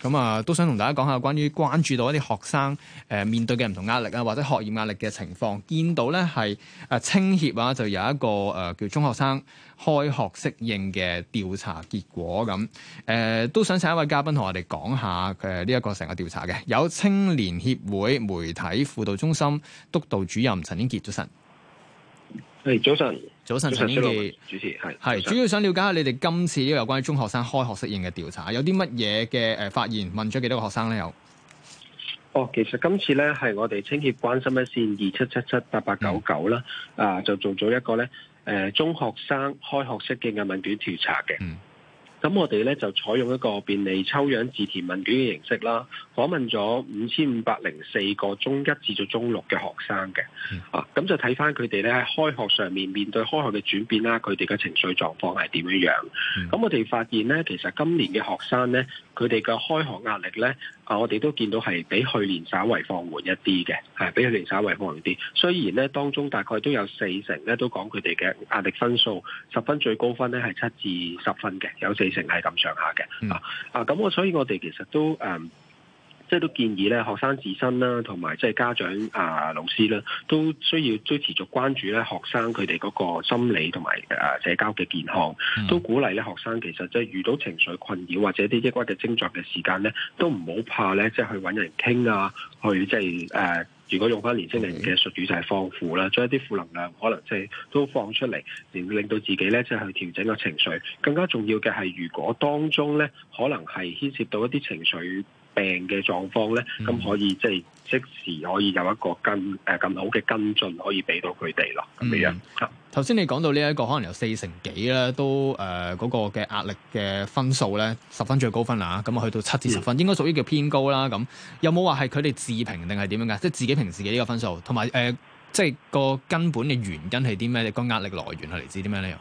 咁啊、嗯，都想同大家講下關於關注到一啲學生誒、呃、面對嘅唔同壓力啊，或者學業壓力嘅情況。見到咧係誒青協啊，就有一個誒、呃、叫中學生開學適應嘅調查結果咁誒、嗯呃，都想請一位嘉賓同我哋講下佢呢一個成個調查嘅，有青年協會媒體輔導中心督導主任陳英杰早晨，係早晨。早晨，早晨陳英杰主持，係是晨主要想了解下你哋今次呢個有關於中學生開學適應嘅調查，有啲乜嘢嘅誒發現？問咗幾多個學生咧？有？哦，其實今次咧係我哋青協關心一線二七七七八八九九啦，啊，就做咗一個咧誒、呃、中學生開學適應嘅問問卷調查嘅。嗯咁我哋咧就採用一個便利抽樣自填問卷嘅形式啦，訪問咗五千五百零四個中一至到中六嘅學生嘅，嗯、啊，咁就睇翻佢哋咧喺開學上面面對開學嘅轉變啦，佢哋嘅情緒狀況係點樣樣？咁、嗯、我哋發現咧，其實今年嘅學生咧，佢哋嘅開學壓力咧。啊！我哋都見到係比去年稍微放緩一啲嘅，係比去年稍微放緩啲。雖然咧，當中大概都有四成咧都講佢哋嘅壓力分數，十分最高分咧係七至十分嘅，有四成係咁上下嘅。啊啊！咁、啊、我所以我哋其實都誒。嗯即係都建議咧，學生自身啦，同埋即係家長啊、呃、老師啦，都需要都持續關注咧學生佢哋嗰個心理同埋誒社交嘅健康。嗯、都鼓勵咧學生其實即係遇到情緒困擾或者啲抑鬱嘅症狀嘅時間咧，都唔好怕咧，即係去揾人傾啊，去即係誒。如果用返年輕人嘅術語就係放負啦，將一啲負能量可能即係都放出嚟，令到自己咧即係去調整個情緒。更加重要嘅係，如果當中咧可能係牽涉到一啲情緒。病嘅狀況咧，咁、嗯、可以即係即時可以有一個跟誒咁、呃、好嘅跟進，可以俾到佢哋咯咁樣。頭先你講到呢一個可能由四成幾啦，都誒嗰個嘅壓力嘅分數咧，十分最高分啊，咁啊去到七至十分，嗯、應該屬於叫偏高啦。咁有冇話係佢哋自評定係點樣㗎？即係自己評自己呢個分數，同埋誒即係個根本嘅原因係啲咩？你、個壓力來源係嚟自啲咩理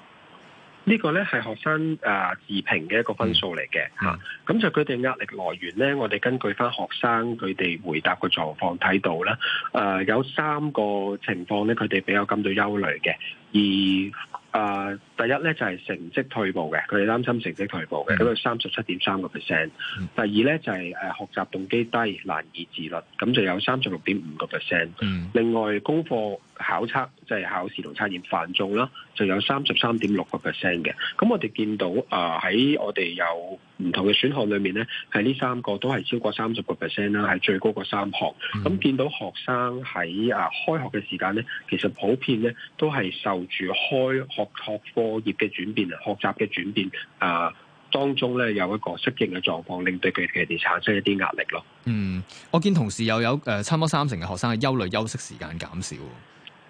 呢個咧係學生誒、呃、自評嘅一個分數嚟嘅嚇，咁、嗯、就佢哋壓力來源咧，我哋根據返學生佢哋回答嘅狀況睇到啦，誒、呃、有三個情況咧，佢哋比較感到憂慮嘅，而誒。呃第一咧就係、是、成績退步嘅，佢哋擔心成績退步嘅，咁啊三十七點三個 percent。嗯、第二咧就係、是、誒學習動機低，難以自律，咁就有三十六點五個 percent。嗯、另外功課考測即係考試同測驗繁重啦，就有三十三點六個 percent 嘅。咁我哋見到啊喺、呃、我哋有唔同嘅選項裏面咧，係呢三個都係超過三十個 percent 啦，係最高嘅三項。咁、嗯、見到學生喺啊開學嘅時間咧，其實普遍咧都係受住開學託課。學學科課業嘅轉變啊，學習嘅轉變啊，當中咧有一個適應嘅狀況，令到佢哋產生一啲壓力咯。嗯，我見同時又有誒，差唔多三成嘅學生係憂慮休息時間減少。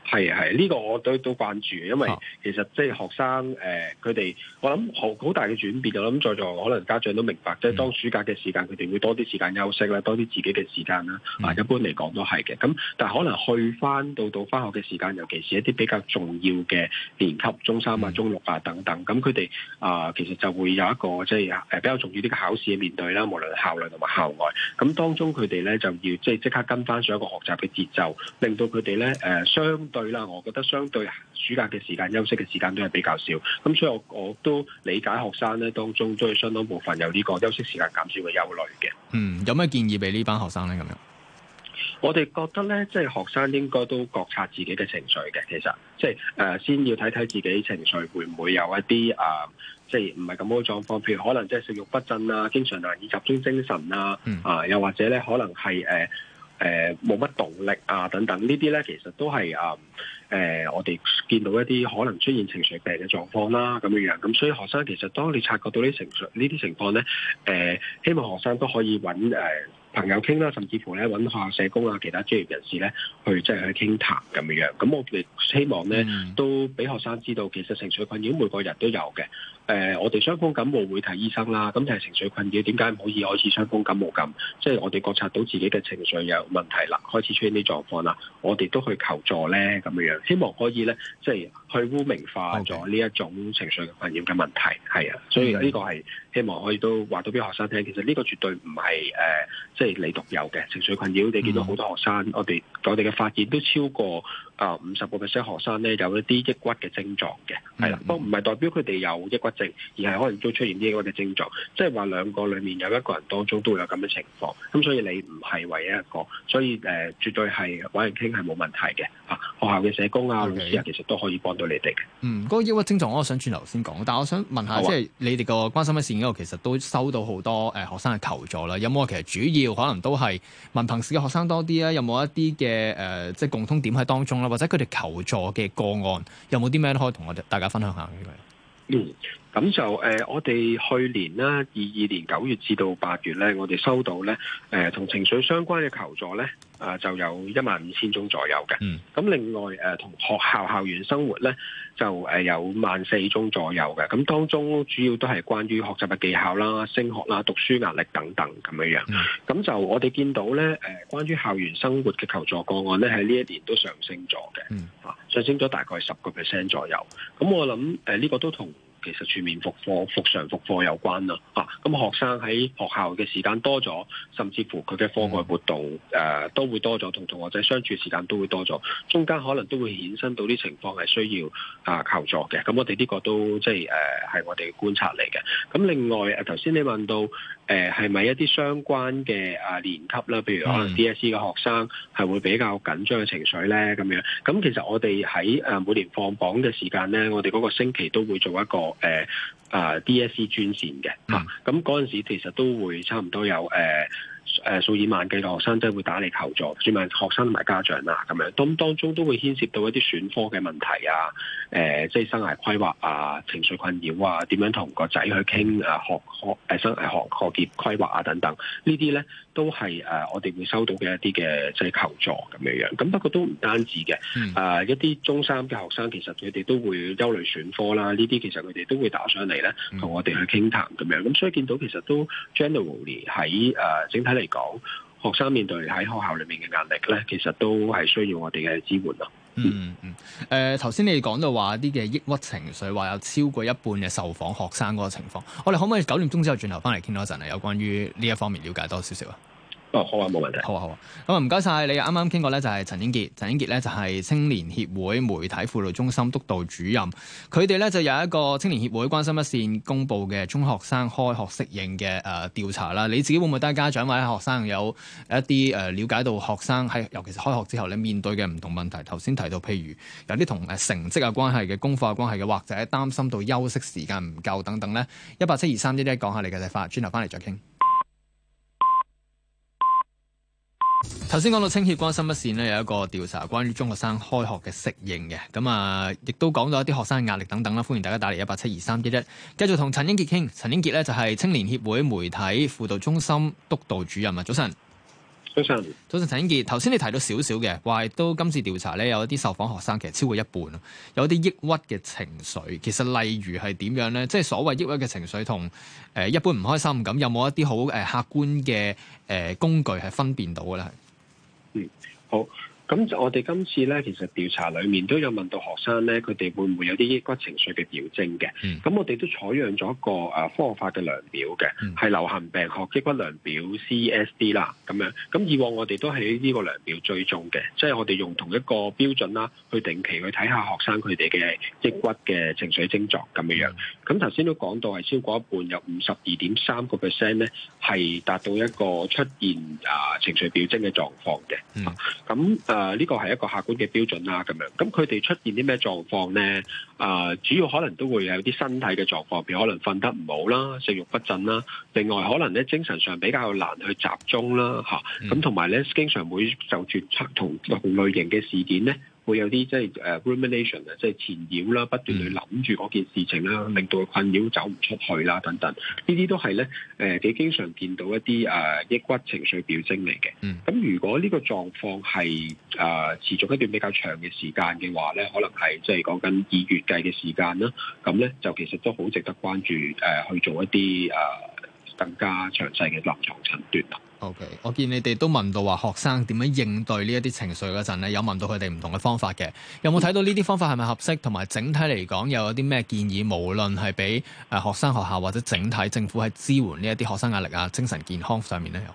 係啊係，呢、呢個我都都關注，因為其實即係學生誒，佢哋我諗好好大嘅轉變噶啦。我諗在座可能家長都明白，即係當暑假嘅時間，佢哋會多啲時間休息啦，多啲自己嘅時間啦。啊、嗯，一般嚟講都係嘅。咁但係可能去翻到到翻學嘅時間，尤其是一啲比較重要嘅年級，中三啊、中六啊等等。咁佢哋啊，其實就會有一個即係誒比較重要啲嘅考試嘅面對啦，無論校內同埋校外。咁當中佢哋咧就要即係即刻跟翻上一個學習嘅節奏，令到佢哋咧誒相對。對啦，我覺得相對暑假嘅時間休息嘅時間都係比較少，咁所以我我都理解學生咧當中都係相當部分有呢個休息時間減少嘅憂慮嘅。嗯，有咩建議俾呢班學生咧？咁樣，我哋覺得咧，即係學生應該都覺察自己嘅情緒嘅。其實，即係誒、呃，先要睇睇自己情緒會唔會有一啲誒、呃，即係唔係咁好嘅狀況。譬如可能即係食欲不振啊，經常難以集中精神啊，啊、呃，嗯、又或者咧可能係誒。呃誒冇乜動力啊，等等呢啲咧，其實都係啊誒，我哋見到一啲可能出現情緒病嘅狀況啦，咁樣樣。咁所以學生其實當你察覺到呢啲情緒呢啲情況咧，誒、呃、希望學生都可以揾誒。呃朋友傾啦，甚至乎咧揾下社工啊，其他專業人士咧，即去即係去傾談咁樣樣。咁我哋希望咧、mm hmm. 都俾學生知道，其實情緒困擾每個人都有嘅。誒、呃，我哋傷風感冒會睇醫生啦，咁就係情緒困擾，點解唔可以開始傷風感冒咁？即、就、係、是、我哋覺察到自己嘅情緒有問題啦，開始出現啲狀況啦，我哋都去求助咧咁樣樣。希望可以咧，即係去污名化咗呢一種情緒困擾嘅問題。係啊 Okay. 的，所以呢、嗯呢個係。希望可以都話到俾學生聽，其實呢個絕對唔係誒，即係你獨有嘅情緒困擾。你見到好多學生，我哋。我哋嘅發現都超過啊五十個 percent 學生咧，有一啲抑鬱嘅症狀嘅，係啦，嗯、不過唔係代表佢哋有抑鬱症，而係可能都出現抑鬱嘅症狀，即係話兩個裡面有一個人當中都會有咁嘅情況。咁、嗯、所以你唔係唯一一個，所以誒、呃、絕對係揾人傾係冇問題嘅。嚇、啊、學校嘅社工啊，Okay. 老師啊，其實都可以幫到你哋嘅。嗯，嗰、那個、抑鬱症狀，我想轉頭先講。但係我想問下，啊、即係你哋個關心一線嗰度，其實都收到好多誒學生嘅求助啦。有冇其實主要可能都係文憑試嘅學生多啲咧？有冇一啲嘅？嘅誒、呃，即係共通點喺當中啦，或者佢哋求助嘅個案有冇啲咩可以同我哋大家分享下呢個？嗯。咁就誒、呃，我哋去年啦，二二年九月至到八月咧，我哋收到咧誒，同、呃、情緒相關嘅求助咧，啊、呃，就有一萬五千宗左右嘅。咁、嗯、另外誒，同、呃、學校校園生活咧，就誒、呃、有萬四宗左右嘅。咁當中主要都係關於學習嘅技巧啦、升學啦、讀書壓力等等咁樣樣。咁、嗯、就我哋見到咧，誒、呃，關於校園生活嘅求助個案咧，喺呢一年都上升咗嘅、啊，上升咗大概十個 percent 左右。咁我諗誒，呢、呃呃這個都同。其實全面復課、復常復課有關啦，嚇、啊、咁學生喺學校嘅時間多咗，甚至乎佢嘅課外活動誒、呃、都會多咗，同同學仔相處時間都會多咗，中間可能都會衍生到啲情況係需要啊求助嘅。咁我哋呢個都即係誒係我哋觀察嚟嘅。咁另外頭先你問到誒係咪一啲相關嘅啊年級啦，譬如可能 DSE 嘅學生係會比較緊張嘅情緒咧，咁樣咁其實我哋喺誒每年放榜嘅時間咧，我哋嗰個星期都會做一個。誒、呃，啊！DSE 專線嘅吓，咁嗰陣時其實都會差唔多有誒。呃誒數以萬計嘅學生真係會打嚟求助，專問學生同埋家長啦，咁樣當當中都會牽涉到一啲選科嘅問題啊，誒、呃、即係生涯規劃啊、情緒困擾啊，點樣同個仔去傾啊、學學誒生誒學學業規劃啊等等，呢啲咧都係誒我哋會收到嘅一啲嘅即係求助咁樣樣。咁不過都唔單止嘅，嗯、啊一啲中三嘅學生其實佢哋都會憂慮選科啦，呢啲其實佢哋都會打上嚟咧，同我哋去傾談咁樣。咁所以見到其實都 generally 喺誒整體嚟講，學生面對喺學校裏面嘅壓力咧，其實都係需要我哋嘅支援咯、嗯。嗯嗯，誒、呃，頭先你講到話啲嘅抑鬱情緒，話有超過一半嘅受訪學生嗰個情況，我哋可唔可以九點鐘之後轉頭翻嚟傾多陣啊？有關於呢一方面了解多少少啊？哦，好啊，冇問題。好啊，好啊。咁啊，唔該晒。你啱啱傾過咧，就係陳英杰。陳英杰咧就係青年協會媒體輔導中心督導主任。佢哋咧就有一個青年協會關心一線公布嘅中學生開學適應嘅誒調查啦。你自己會唔會都係家長或者學生有一啲誒了解到學生喺尤其是開學之後咧面對嘅唔同問題？頭先提到譬如有啲同誒成績啊關係嘅功課啊關係嘅，或者擔心到休息時間唔夠等等咧。1, 一八七二三一，一講下你嘅睇法，轉頭翻嚟再傾。頭先講到青協關心一線呢，有一個調查關於中學生開學嘅適應嘅，咁啊，亦都講到一啲學生嘅壓力等等啦。歡迎大家打嚟一八七二三一一，繼續同陳英杰傾。陳英杰咧，就係青年協會媒體輔導中心督導主任啊。早晨，早晨，早晨，陳英杰。頭先你提到少少嘅話，亦都今次調查咧，有一啲受訪學生其實超過一半咯，有一啲抑鬱嘅情緒。其實例如係點樣咧？即係所謂抑鬱嘅情緒同誒一般唔開心咁，有冇一啲好誒、呃、客觀嘅誒、呃、工具係分辨到嘅咧？嗯，好。咁我哋今次咧，其實調查裏面都有問到學生咧，佢哋會唔會有啲抑鬱情緒嘅表徵嘅？咁、嗯、我哋都採用咗一個誒科學化嘅量表嘅，係、嗯、流行病學抑鬱量表 CSD 啦咁樣。咁以往我哋都喺呢個量表追蹤嘅，即係我哋用同一個標準啦，去定期去睇下學生佢哋嘅抑鬱嘅情緒症狀咁樣樣。咁頭先都講到係超過一半，有五十二點三個 percent 咧，係達到一個出現啊、呃、情緒表徵嘅狀況嘅。咁誒、嗯。嗯啊啊！呢個係一個客觀嘅標準啦，咁樣，咁佢哋出現啲咩狀況咧？啊，主要可能都會有啲身體嘅狀況，譬如可能瞓得唔好啦，食欲不振啦，另外可能咧精神上比較難去集中啦，嚇咁同埋咧經常會就住同同類型嘅事件咧。會有啲即係誒 rumination 啊，即係纏繞啦，不斷去諗住嗰件事情啦，令到佢困擾走唔出去啦，等等，呢啲都係咧誒，幾經常見到一啲誒、uh, 抑鬱情緒表徵嚟嘅。咁、mm. 如果呢個狀況係誒、uh, 持續一段比較長嘅時間嘅話咧，可能係即係講緊以月計嘅時間啦。咁咧就其實都好值得關注誒，uh, 去做一啲誒、uh, 更加詳細嘅臨床診斷。O.K.，我見你哋都問到話學生點樣應對呢一啲情緒嗰陣咧，有問到佢哋唔同嘅方法嘅，有冇睇到呢啲方法係咪合適，同埋整體嚟講又有啲咩建議？無論係俾誒學生學校或者整體政府喺支援呢一啲學生壓力啊、精神健康上面咧，有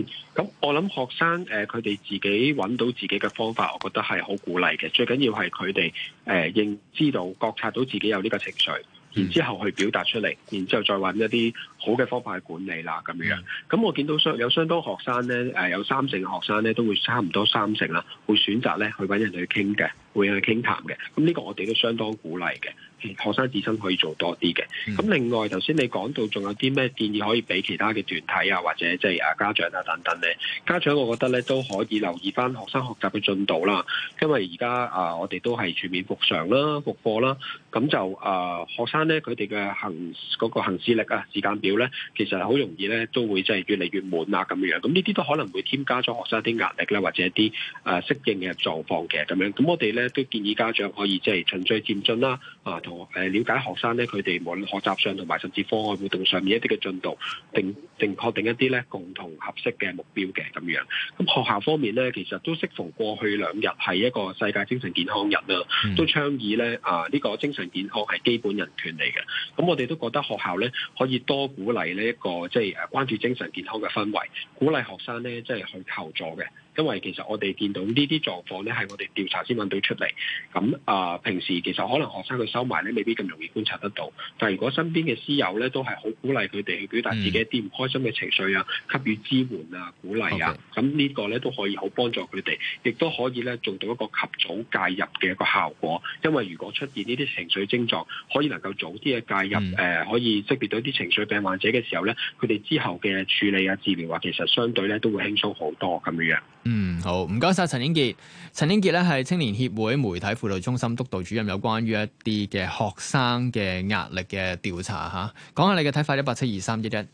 嗯，咁我諗學生誒佢哋自己揾到自己嘅方法，我覺得係好鼓勵嘅。最緊要係佢哋誒認知道、覺察到自己有呢個情緒。然之後去表達出嚟，然之後再揾一啲好嘅方法去管理啦，咁樣。咁我見到相有相當學生咧，誒有三成學生咧都會差唔多三成啦，會選擇咧去揾人去傾嘅，會去傾談嘅。咁呢個我哋都相當鼓勵嘅。學生自身可以做多啲嘅，咁另外頭先你講到仲有啲咩建議可以俾其他嘅團體啊，或者即係啊家長啊等等咧？家長我覺得咧都可以留意翻學生學習嘅進度啦，因為而家啊我哋都係全面復常啦、復課啦，咁就啊學生咧佢哋嘅行嗰個行事曆啊、時間表咧，其實好容易咧都會即係越嚟越滿啊咁樣，咁呢啲都可能會添加咗學生啲壓力啦，或者一啲誒適應嘅狀況嘅咁樣。咁我哋咧都建議家長可以即係循序漸進啦，啊。誒，了解學生咧，佢哋無論學習上同埋甚至課外活動上面一啲嘅進度，定定確定一啲咧共同合適嘅目標嘅咁樣。咁學校方面咧，其實都適逢過去兩日係一個世界精神健康日啦，都倡議咧啊呢、呢個精神健康係基本人權嚟嘅。咁我哋都覺得學校咧可以多鼓勵呢、呢、一個即係誒關注精神健康嘅氛圍，鼓勵學生咧即係去求助嘅。因為其實我哋見到呢啲狀況咧，係我哋調查先揾到出嚟。咁啊、呃，平時其實可能學生去收埋咧，未必咁容易觀察得到。但係如果身邊嘅師友咧，都係好鼓勵佢哋去表達自己一啲唔開心嘅情緒啊，給予支援啊、鼓勵啊，咁 Okay. 呢個咧都可以好幫助佢哋，亦都可以咧做到一個及早介入嘅一個效果。因為如果出現呢啲情緒症狀，可以能夠早啲嘅介入，誒、嗯呃、可以識別到啲情緒病患者嘅時候咧，佢哋之後嘅處理啊、治療啊，其實相對咧都會輕鬆好多咁樣。嗯，好，唔該晒陳英杰。陳英杰咧係青年協會媒體輔導中心督導主任，有關於一啲嘅學生嘅壓力嘅調查吓，講下你嘅睇法。一八七二三一一。